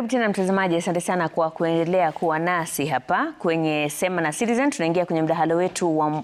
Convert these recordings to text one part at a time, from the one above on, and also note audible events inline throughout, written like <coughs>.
Karibu tena mtazamaji, asante sana kwa kuendelea kuwa nasi hapa kwenye Sema na Citizen. Tunaingia kwenye mdahalo wetu wa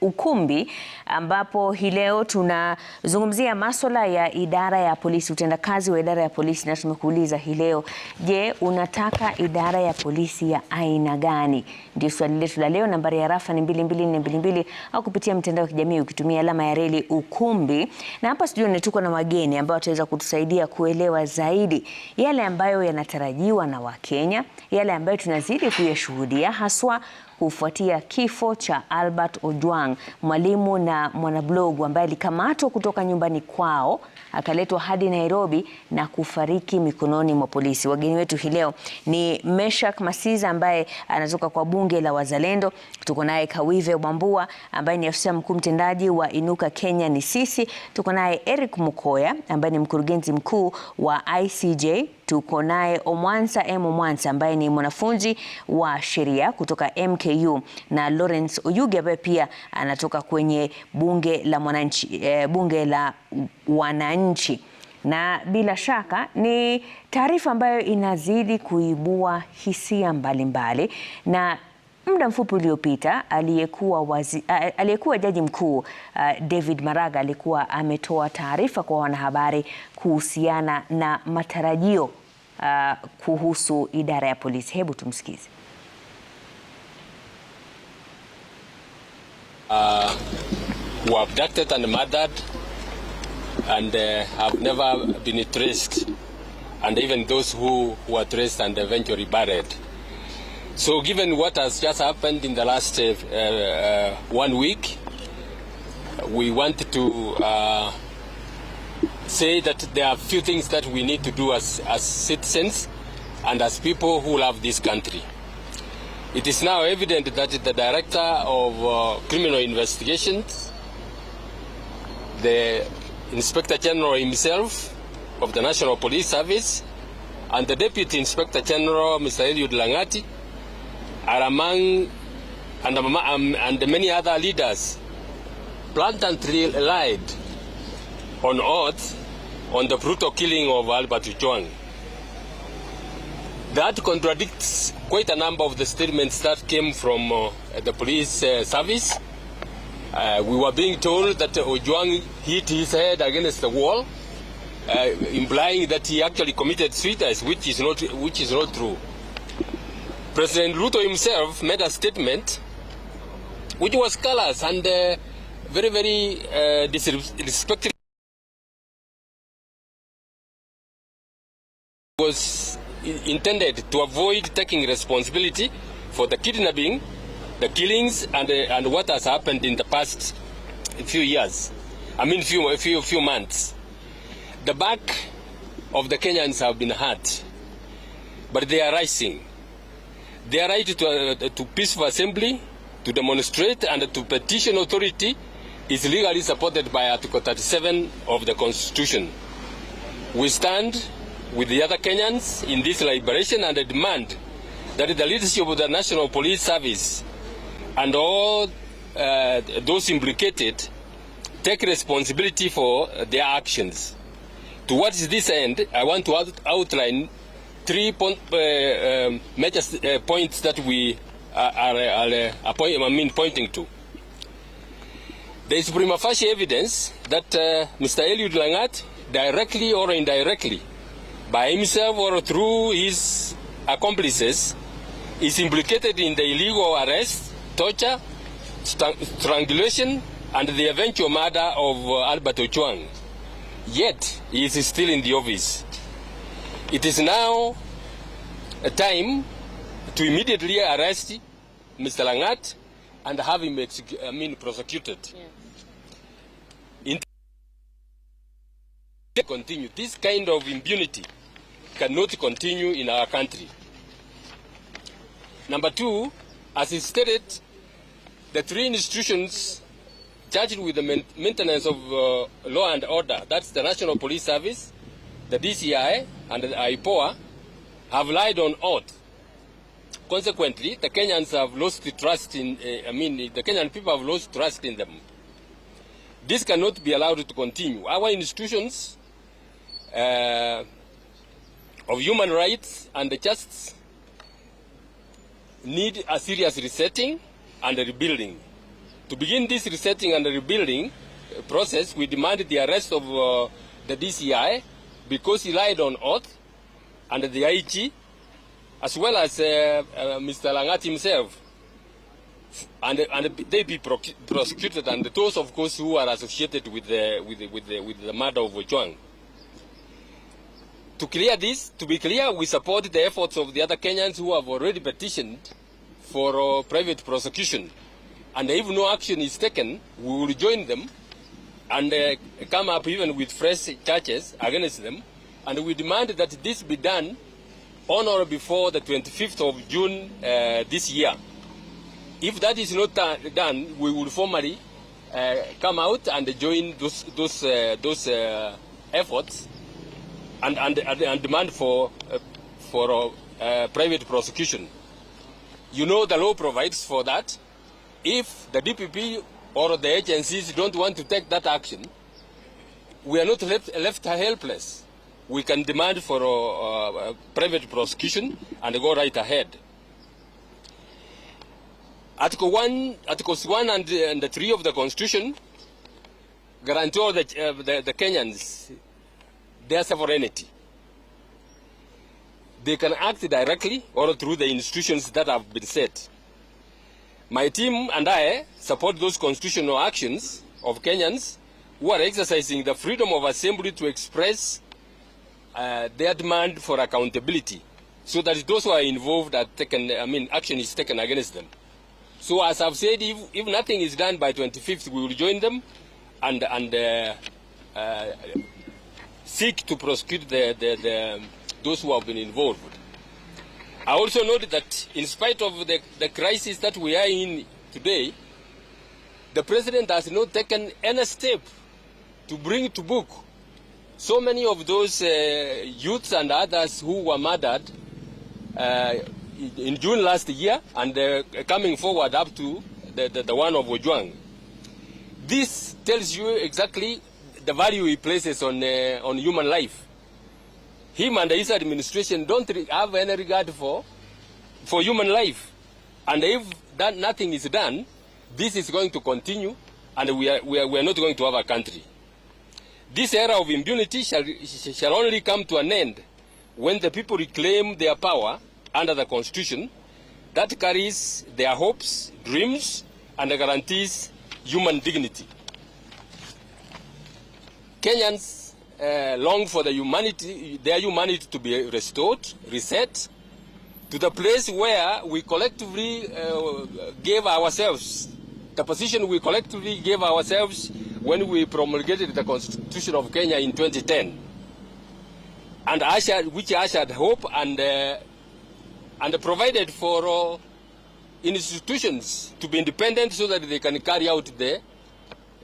ukumbi ambapo hii leo tunazungumzia masuala ya idara ya polisi, utendakazi wa idara ya polisi, na tumekuuliza hii leo, je, unataka idara ya polisi ya aina gani? Ndio swali letu la leo. Nambari ya rafa ni 22422 au kupitia mtandao wa kijamii ukitumia alama ya reli ukumbi. Na hapa studioni tuko na wageni ambao wataweza kutusaidia kuelewa zaidi yale ambayo yanatarajiwa na Wakenya, yale ambayo tunazidi kuyashuhudia haswa kufuatia kifo cha Albert Ojwang, mwalimu na mwanablogu ambaye alikamatwa kutoka nyumbani kwao akaletwa hadi Nairobi na kufariki mikononi mwa polisi. Wageni wetu hii leo ni Meshak Masiza ambaye anatoka kwa bunge la Wazalendo. Tuko naye Kawive bambua ambaye ni afisa mkuu mtendaji wa Inuka Kenya ni sisi. Tuko naye Eric Mukoya ambaye ni mkurugenzi mkuu wa ICJ tuko naye Omwansa M Omwansa ambaye ni mwanafunzi wa sheria kutoka MKU na Lawrence Oyugi ambaye pia anatoka kwenye bunge la mwananchi, e, bunge la wananchi na bila shaka ni taarifa ambayo inazidi kuibua hisia mbalimbali mbali, na Muda mfupi uliopita aliyekuwa wazi, aliyekuwa jaji mkuu uh, David Maraga alikuwa ametoa taarifa kwa wanahabari kuhusiana na matarajio uh, kuhusu idara ya polisi. Hebu tumsikize. Uh, who abducted and murdered and uh, have never been traced and even those who were traced and eventually buried So given what has just happened in the last uh, uh, one week, we want to uh, say that there are few things that we need to do as, as citizens and as people who love this country. It is now evident that the Director of uh, Criminal Investigations, the Inspector General himself of the National Police Service, and the Deputy Inspector General, Mr. Eliud Langati, are among and, um, um, and many other leaders blatantly lied on oath on the brutal killing of Albert Ojwang. That contradicts quite a number of the statements that came from uh, the police uh, service. Uh, we were being told that Ojwang hit his head against the wall, uh, implying that he actually committed suicide, which is not, which is not true. President Ruto himself made a statement which was callous and uh, very, very uh, disrespectful. was intended to avoid taking responsibility for the kidnapping, the killings, and, uh, and what has happened in the past few years. I mean, few, few, few months. The back of the Kenyans have been hurt, but they are rising their right to, uh, to peaceful assembly, to demonstrate and to petition authority is legally supported by Article 37 of the Constitution. We stand with the other Kenyans in this liberation and demand that the leadership of the National Police Service and all uh, those implicated take responsibility for their actions. Towards this end, I want to out outline three point, uh, um, major uh, points that we are, are, are, uh, are point, I mean pointing to. There is prima facie evidence that uh, Mr. Eliud Langat directly or indirectly by himself or through his accomplices is implicated in the illegal arrest, torture, strangulation and the eventual murder of uh, Albert Ochuang. Yet he is still in the office. It is now a time to immediately arrest Mr. Langat and have him I mean, prosecuted. Yes. In continue. This kind of impunity cannot continue in our country. Number two, as he stated, the three institutions charged with the maintenance of uh, law and order, that's the National Police Service, the DCI and the IPOA have lied on oath. Consequently, the Kenyans have lost the trust in, uh, I mean, the Kenyan people have lost trust in them. This cannot be allowed to continue. Our institutions uh, of human rights and justice need a serious resetting and rebuilding. To begin this resetting and rebuilding eh, process, we demand the arrest of uh, the DCI because he lied on oath and the IG, as well as uh, uh, Mr. Langat himself. And, and they be prosecuted, and those, of course, who are associated with the, with the, with the, with the murder of Ojwang. To clear this, to be clear, we support the efforts of the other Kenyans who have already petitioned for uh, private prosecution. And if no action is taken, we will join them and uh, come up even with fresh charges against them. And we demand that this be done on or before the 25th of June uh, this year. If that is not uh, done, we will formally uh, come out and join those, those, uh, those uh, efforts and, and, and, demand for, for private prosecution. You know the law provides for that. If the DPP or the agencies don't want to take that action, we are not left, left helpless. We can demand for uh, uh, private prosecution and go right ahead. Article 1, Articles 1 and, and 3 of the Constitution guarantee all the, uh, the, the Kenyans their sovereignty. They can act directly or through the institutions that have been set. My team and I support those constitutional actions of Kenyans who are exercising the freedom of assembly to express uh, their demand for accountability so that those who are involved are taken, I mean, action is taken against them. So as I've said, if, if nothing is done by 25th, we will join them and, and uh, uh, seek to prosecute the, the, the, those who have been involved. I also note that in spite of the, the crisis that we are in today, the president has not taken any step to bring to book so many of those uh, youths and others who were murdered uh, in June last year and uh, coming forward up to the, the, the one of Ojwang. This tells you exactly the value he places on, uh, on human life. him and his administration don't have any regard for, for human life. And if that nothing is done, this is going to continue and we are, we are, we are not going to have a country. This era of impunity shall, shall only come to an end when the people reclaim their power under the Constitution that carries their hopes, dreams, and guarantees human dignity. Kenyans Uh, long for the humanity, their humanity to be restored, reset, to the place where we collectively uh, gave ourselves, the position we collectively gave ourselves when we promulgated the Constitution of Kenya in 2010, and ushered, which ushered hope and, uh, and provided for uh, institutions to be independent so that they can carry out the,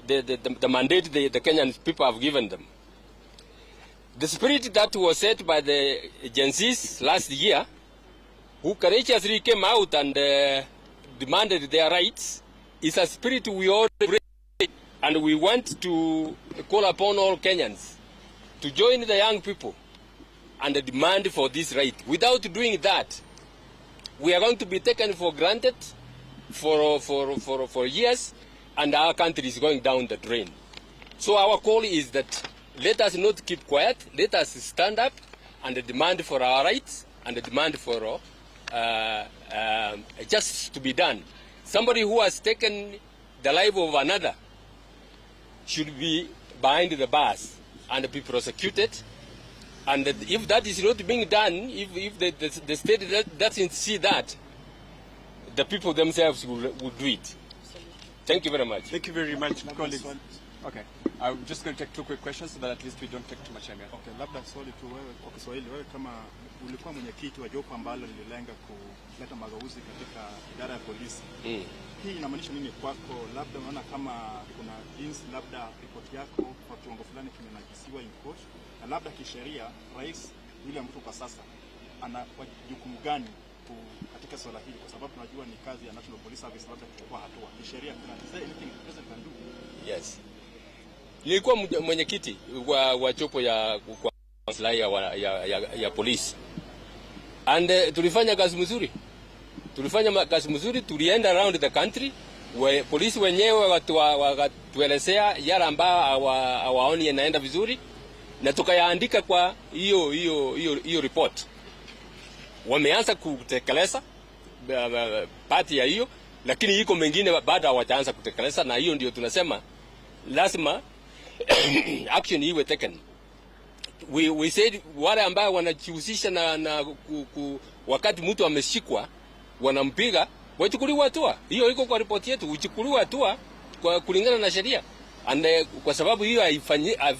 the, the, the mandate the, the Kenyan people have given them. The spirit that was set by the Gen Zs last year, who courageously came out and uh, demanded their rights, is a spirit we all embrace, and we want to call upon all Kenyans to join the young people and demand for this right. Without doing that, we are going to be taken for granted for, for, for, for years, and our country is going down the drain. So our call is that Let us not keep quiet. Let us stand up and demand for our rights and demand for uh, uh, justice to be done. Somebody who has taken the life of another should be behind the bars and be prosecuted. And if that is not being done, if, if the, the, the state doesn't see that, the people themselves will, will do it. Thank you very much. Thank you very much, colleagues. Okay. I'm just going to take two quick questions so that at least we don't take too much time. Okay, labda swali tu wewe kwa Kiswahili wewe kama ulikuwa mwenyekiti wa jopo ambalo lililenga kuleta mageuzi katika idara ya polisi. Mm. Hii inamaanisha nini kwako? Labda unaona kama kuna jinsi labda ripoti yako kwa kiwango fulani kimenajisiwa in court na labda kisheria Rais William Ruto kwa sasa ana jukumu gani katika swala hili kwa sababu tunajua ni kazi ya National Police Service labda kuchukua hatua kisheria. Kuna anything the president can do? Yes nilikuwa mwenyekiti wa, wa chopo ya maslahi ya, ya, ya, ya ya polisi and uh, tulifanya kazi mzuri, tulifanya kazi mzuri, tulienda around the country we, polisi wenyewe wakatuelezea watu, yale ambayo hawaoni yanaenda vizuri, na tukayaandika kwa hiyo hiyo hiyo hiyo report. Wameanza kutekeleza pati ya hiyo, lakini iko mengine bado hawajaanza kutekeleza, na hiyo ndio tunasema lazima <coughs> action iwe taken. We, we said wale ambao wanajihusisha na, na ku, ku, wakati mtu ameshikwa wanampiga wachukuliwa hatua. Hiyo iko kwa ripoti yetu, uchukuliwa hatua kwa kulingana na sheria. And eh, kwa sababu hiyo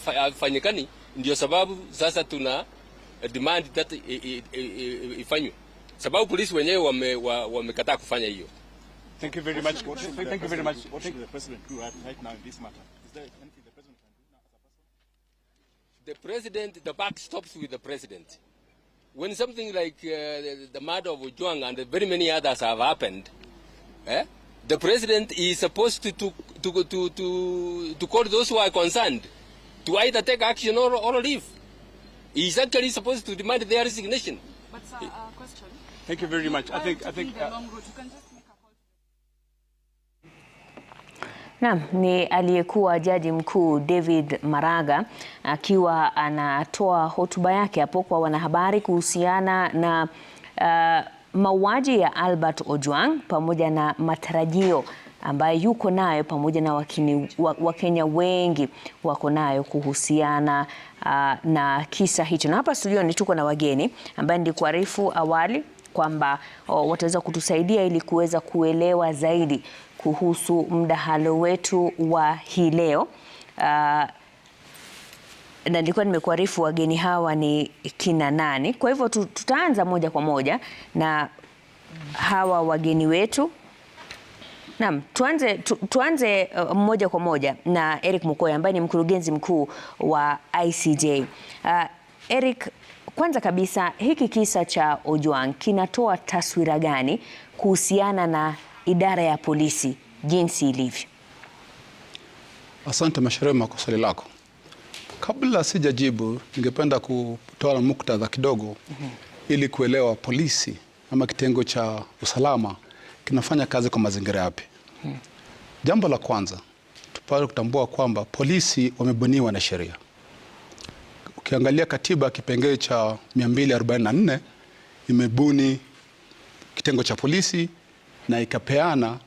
haifanyikani, ndio sababu sasa tuna eh, demand that ifanywe, sababu polisi wenyewe wamekataa wame kufanya hiyo. Thank you very much. Thank you very much. What is the president do right now in this matter? the president, the buck stops with the president. When something like uh, the, the, murder of Ujwang and very many others have happened, eh, the president is supposed to, to, to, to, to, to, call those who are concerned to either take action or, or leave. He is actually supposed to demand their resignation. But, sir, uh, question. Thank you very much. I think. I think. Uh, Naam, ni aliyekuwa Jaji Mkuu David Maraga akiwa anatoa hotuba yake hapo kwa wanahabari kuhusiana na uh, mauaji ya Albert Ojwang pamoja na matarajio ambayo yuko nayo pamoja na wakini, Wakenya wengi wako nayo kuhusiana uh, na kisa hicho. Na hapa studioni tuko na wageni ambaye nilikuarifu awali kwamba wataweza kutusaidia ili kuweza kuelewa zaidi kuhusu mdahalo wetu wa hii leo. Uh, na nilikuwa nimekuarifu wageni hawa ni kina nani. Kwa hivyo tutaanza moja kwa moja na hawa wageni wetu. Naam, tuanze, tu, tuanze uh, moja kwa moja na Eric Mukoya ambaye ni mkurugenzi mkuu wa ICJ. Uh, Eric kwanza kabisa hiki kisa cha Ojwang kinatoa taswira gani kuhusiana na idara ya polisi jinsi ilivyo? Asante masharema kwa swali lako. Kabla sijajibu, ningependa kutoa muktadha kidogo mm -hmm. ili kuelewa polisi ama kitengo cha usalama kinafanya kazi kwa mazingira yapi. mm -hmm. Jambo la kwanza tupate kutambua kwamba polisi wamebuniwa na sheria Ukiangalia katiba kipengele cha 244 imebuni kitengo cha polisi na ikapeana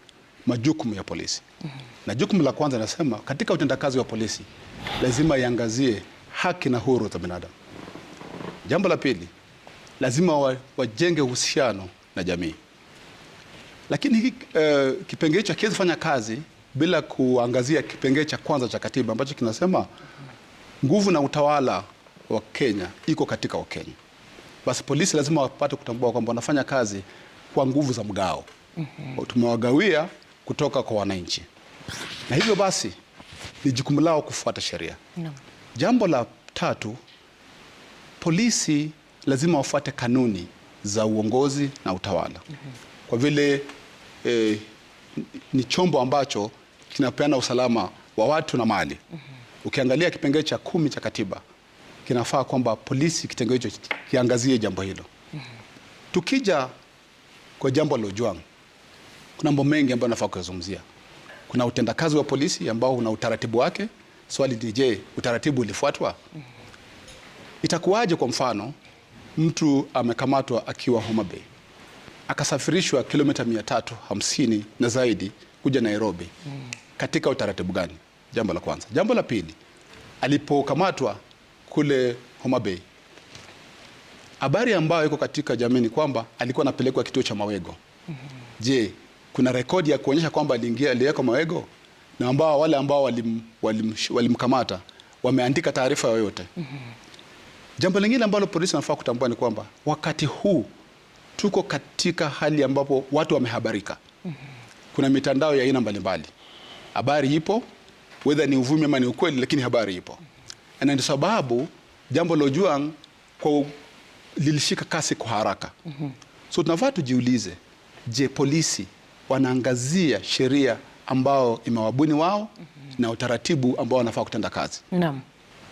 majukumu ya polisi mm -hmm. Na jukumu la kwanza nasema katika utendakazi wa polisi lazima iangazie haki na huru za binadamu. Jambo la pili, lazima wajenge wa, uhusiano na jamii, lakini hiki uh, kipengele hicho hakiwezi fanya kazi bila kuangazia kipengele cha kwanza cha katiba ambacho kinasema nguvu na utawala wa Kenya iko katika Wakenya, basi polisi lazima wapate kutambua kwamba wanafanya kazi kwa nguvu za mgao. mm -hmm. Tumewagawia kutoka kwa wananchi, na hivyo basi ni jukumu lao kufuata sheria. no. Jambo la tatu, polisi lazima wafuate kanuni za uongozi na utawala. mm -hmm. Kwa vile eh, ni chombo ambacho kinapeana usalama wa watu na mali. mm -hmm. Ukiangalia kipengele cha kumi cha katiba kinafaa kwamba polisi kitengo hicho kiangazie jambo hilo. Tukija kwa jambo la Ojwang, kuna mambo mengi ambayo nafaa kuyazungumzia. Kuna utendakazi wa polisi ambao una utaratibu wake. Swali ni je, utaratibu ulifuatwa? Itakuwaje kwa mfano mtu amekamatwa akiwa Homa Bay akasafirishwa kilomita mia tatu hamsini na zaidi kuja Nairobi katika utaratibu gani? Jambo la kwanza. Jambo la pili, alipokamatwa kule Homa Bay. Habari ambayo iko katika jamii ni kwamba alikuwa anapelekwa kituo cha Mawego. Je, kuna rekodi ya kuonyesha kwamba aliingia aliwekwa Mawego na ambao wale ambao walimkamata walim, walim wameandika taarifa yoyote? Jambo lingine ambalo polisi wanafaa kutambua ni kwamba wakati huu tuko katika hali ambapo watu wamehabarika. Kuna mitandao ya aina mbalimbali, habari ipo, wedha ni uvumi ama ni ukweli, lakini habari ipo na ndio sababu jambo la Ojwang kwa lilishika kasi kwa haraka mm -hmm. So tunafaa tujiulize, je, polisi wanaangazia sheria ambao imewabuni wao mm -hmm. na utaratibu ambao wanafaa kutenda kazi? Naam.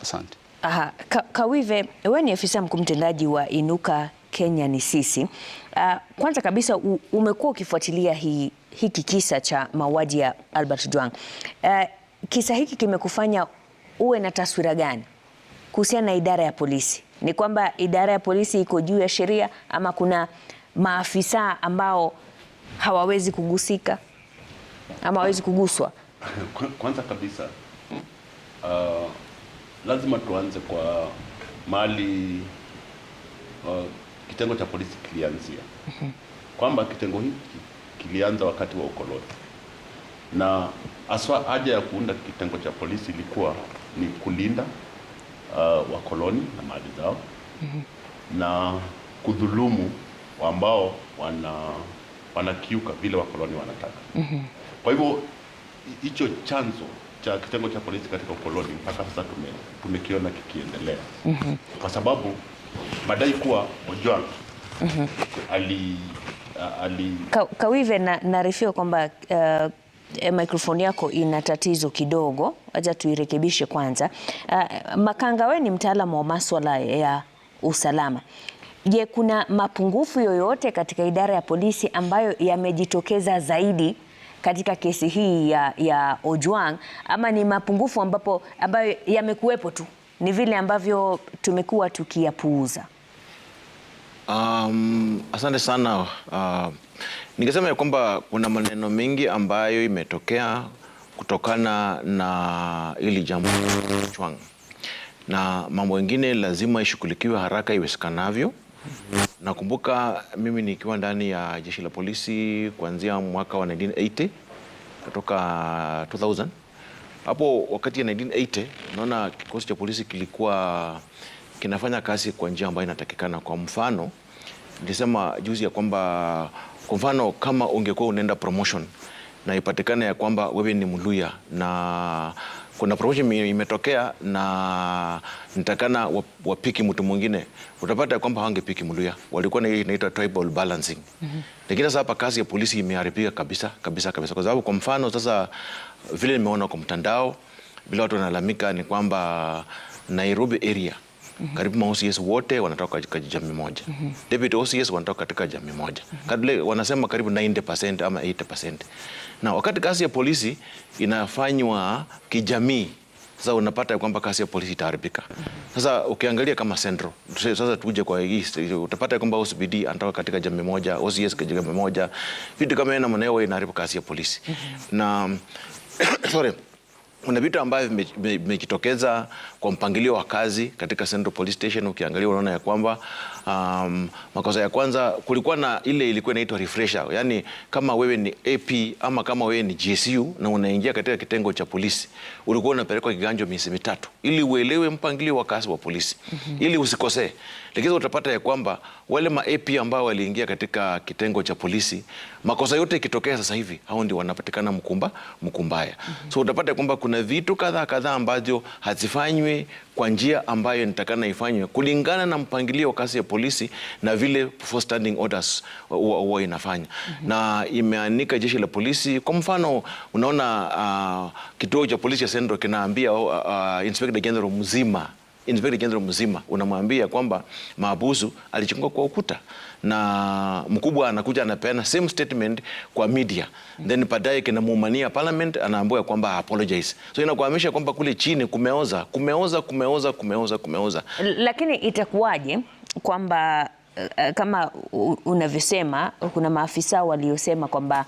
Asante. Aha, Ka Kawive, wewe ni afisa mkuu mtendaji wa Inuka Kenya ni sisi. Uh, kwanza kabisa umekuwa ukifuatilia hii hiki kisa cha mauaji ya Albert Ojwang. Uh, ah, kisa hiki kimekufanya uwe na taswira gani kuhusiana na idara ya polisi? Ni kwamba idara ya polisi iko juu ya sheria ama kuna maafisa ambao hawawezi kugusika ama hawawezi kuguswa? <laughs> Kwanza kabisa uh, lazima tuanze kwa mali uh, kitengo cha polisi kilianzia mhm. kwamba kitengo hiki kilianza wakati wa ukoloni na aswa haja ya kuunda kitengo cha polisi ilikuwa ni kulinda uh, wakoloni na mali zao mm -hmm. na kudhulumu ambao wana wanakiuka vile wakoloni wanataka mm -hmm. kwa hivyo hicho chanzo cha kitengo cha polisi katika ukoloni mpaka sasa tume, tumekiona kikiendelea mm -hmm. kwa sababu madai kuwa Ojwang mm -hmm. ali, ali... Ka, Kawive na narifio kwamba uh, e, microphone yako ina tatizo kidogo, acha tuirekebishe kwanza. Uh, Makanga, we ni mtaalamu wa masuala ya usalama. Je, kuna mapungufu yoyote katika idara ya polisi ambayo yamejitokeza zaidi katika kesi hii ya, ya Ojwang ama ni mapungufu ambapo ambayo yamekuwepo tu, ni vile ambavyo tumekuwa tukiyapuuza? Um, asante sana uh, nikisema ya kwamba kuna maneno mengi ambayo imetokea kutokana na ili jambo Chwang, na mambo mengine lazima ishughulikiwe haraka iwezekanavyo. Nakumbuka mimi nikiwa ndani ya jeshi la polisi kuanzia mwaka wa 1980 kutoka 2000 hapo wakati ya 1980 naona kikosi cha polisi kilikuwa kinafanya kazi kwa njia ambayo inatakikana. Kwa mfano nilisema juzi ya kwamba kwa mfano kama ungekuwa unaenda promotion na ipatikane ya kwamba wewe ni Mluya na kuna promotion imetokea na nitakana wapiki mtu mwingine, utapata ya kwamba hawangepiki Mluya, walikuwa na inaitwa tribal balancing. mm -hmm. Lakini sasa hapa kazi ya polisi imeharibika kabisa kabisa kabisa, kwa sababu kwa mfano sasa vile nimeona kwa mtandao bila watu wanalalamika ni kwamba Nairobi area -hmm. karibu ma-OCS wote wanatoka katika jamii moja mm -hmm. David OCS wanatoka katika jamii moja mm -hmm. Kadle, wanasema karibu 90% ama 80%. Na wakati kazi ya polisi inafanywa kijamii sasa unapata kwamba kasi ya polisi itaharibika. Mm -hmm. Sasa ukiangalia kama central, sasa tuje kwa east, utapata kwamba OCPD anatoka katika jamii moja, OCS katika jamii moja, vitu kama hivyo, na maneno inaharibu kasi ya polisi Mm -hmm. na <coughs> sorry kuna vitu ambavyo vimejitokeza kwa mpangilio wa kazi katika Central Police Station. Ukiangalia unaona ya kwamba Um, makosa ya kwanza kulikuwa na ile ilikuwa inaitwa refresher, yani kama wewe ni AP ama kama wewe ni GSU na unaingia katika kitengo cha polisi, ulikuwa unapelekwa kiganjo miezi mitatu ili uelewe mpangilio wa kazi wa polisi mm -hmm. ili usikosee. Lakini utapata ya kwamba wale ma AP ambao waliingia katika kitengo cha polisi, makosa yote ikitokea sasa hivi hao ndio wanapatikana mkumba mkumbaya. mm -hmm. So utapata ya kwamba kuna vitu kadhaa kadhaa ambavyo hazifanywi kwa njia ambayo nitakana ifanywe kulingana na mpangilio wa kazi ya polisi polisi na vile for standing orders huwa inafanya mm -hmm. na imeanika jeshi la polisi. Kwa mfano unaona, uh, kituo cha polisi ya Central kinaambia uh, uh, Inspector General mzima Inspector General mzima unamwambia kwamba mahabusu alichungua kwa ukuta, na mkubwa anakuja anapeana same statement kwa media, mhm. then baadaye kinamuumania parliament, anaambia kwamba apologize. So inakuhamisha kwamba kule chini kumeoza, kumeoza, kumeoza, kumeoza, kumeoza. Lakini itakuwaje? kwamba eh, kama unavyosema kuna maafisa waliosema kwamba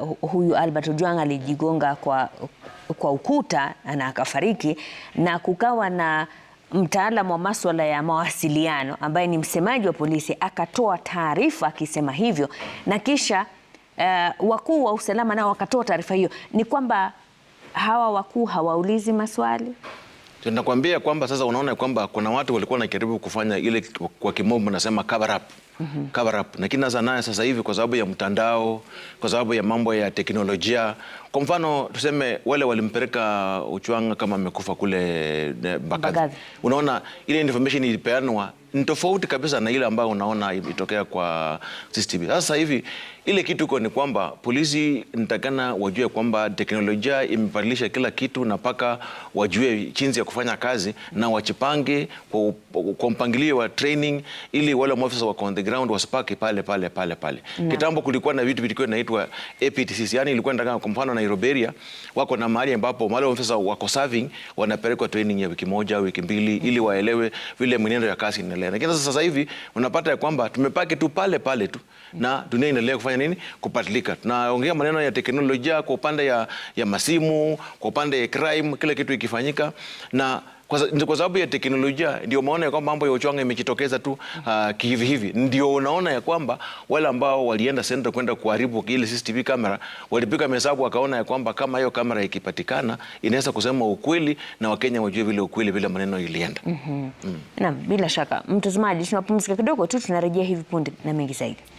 uh, huyu Albert Ojwang alijigonga kwa, kwa ukuta na akafariki, na kukawa na mtaalamu wa masuala ya mawasiliano ambaye ni msemaji wa polisi akatoa taarifa akisema hivyo, na kisha uh, wakuu wa usalama nao wakatoa taarifa hiyo. Ni kwamba hawa wakuu hawaulizi maswali? tunakwambia kwamba sasa unaona kwamba kuna watu walikuwa wanajaribu kufanya ile kwa kimombo nasema cover up. Mm -hmm. Cover up. Lakini sasa naye sasa hivi kwa sababu ya mtandao, kwa sababu ya mambo ya teknolojia, kwa mfano tuseme wale walimpeleka Uchwanga kama amekufa kule eh, Mbagathi. Unaona ile information ilipeanwa ni tofauti kabisa na ile ambayo unaona itokea kwa CCTV. Sasa hivi ile kitu iko ni kwamba polisi nitakana wajue kwamba teknolojia imebadilisha kila kitu, na mpaka wajue jinsi ya kufanya kazi na wachipange kwa, kwa mpangilio wa training ili wale maafisa wako on the ground wasipake pale pale pale pale. Kitambo kulikuwa na vitu vilikuwa vinaitwa APTCs, yani ilikuwa nitakana kwa mfano Nairobi area wako na mahali ambapo wale maafisa wako serving wanapelekwa training ya wiki moja wiki mbili, ili waelewe vile mwenendo ya kazi inaendelea inaendelea. Lakini sasa hivi unapata ya kwamba tumepaki tu pale pale tu na dunia inaendelea kufanya nini? Kupatilika. Tunaongea maneno ya teknolojia kwa upande ya, ya masimu, kwa upande ya crime, kila kitu ikifanyika na kwa sababu ya teknolojia ndio maona ya kwamba mambo ya uchwanga imejitokeza tu uh, kihivi hivi. Ndio unaona ya kwamba wale ambao walienda senta kwenda kuharibu ile CCTV kamera walipiga mahesabu wakaona ya kwamba kama hiyo kamera ikipatikana inaweza kusema ukweli na Wakenya wajue vile ukweli vile maneno ilienda. mm -hmm. mm. Naam, bila shaka mtazamaji, tunapumzika kidogo tu, tunarejea hivi punde na mengi zaidi.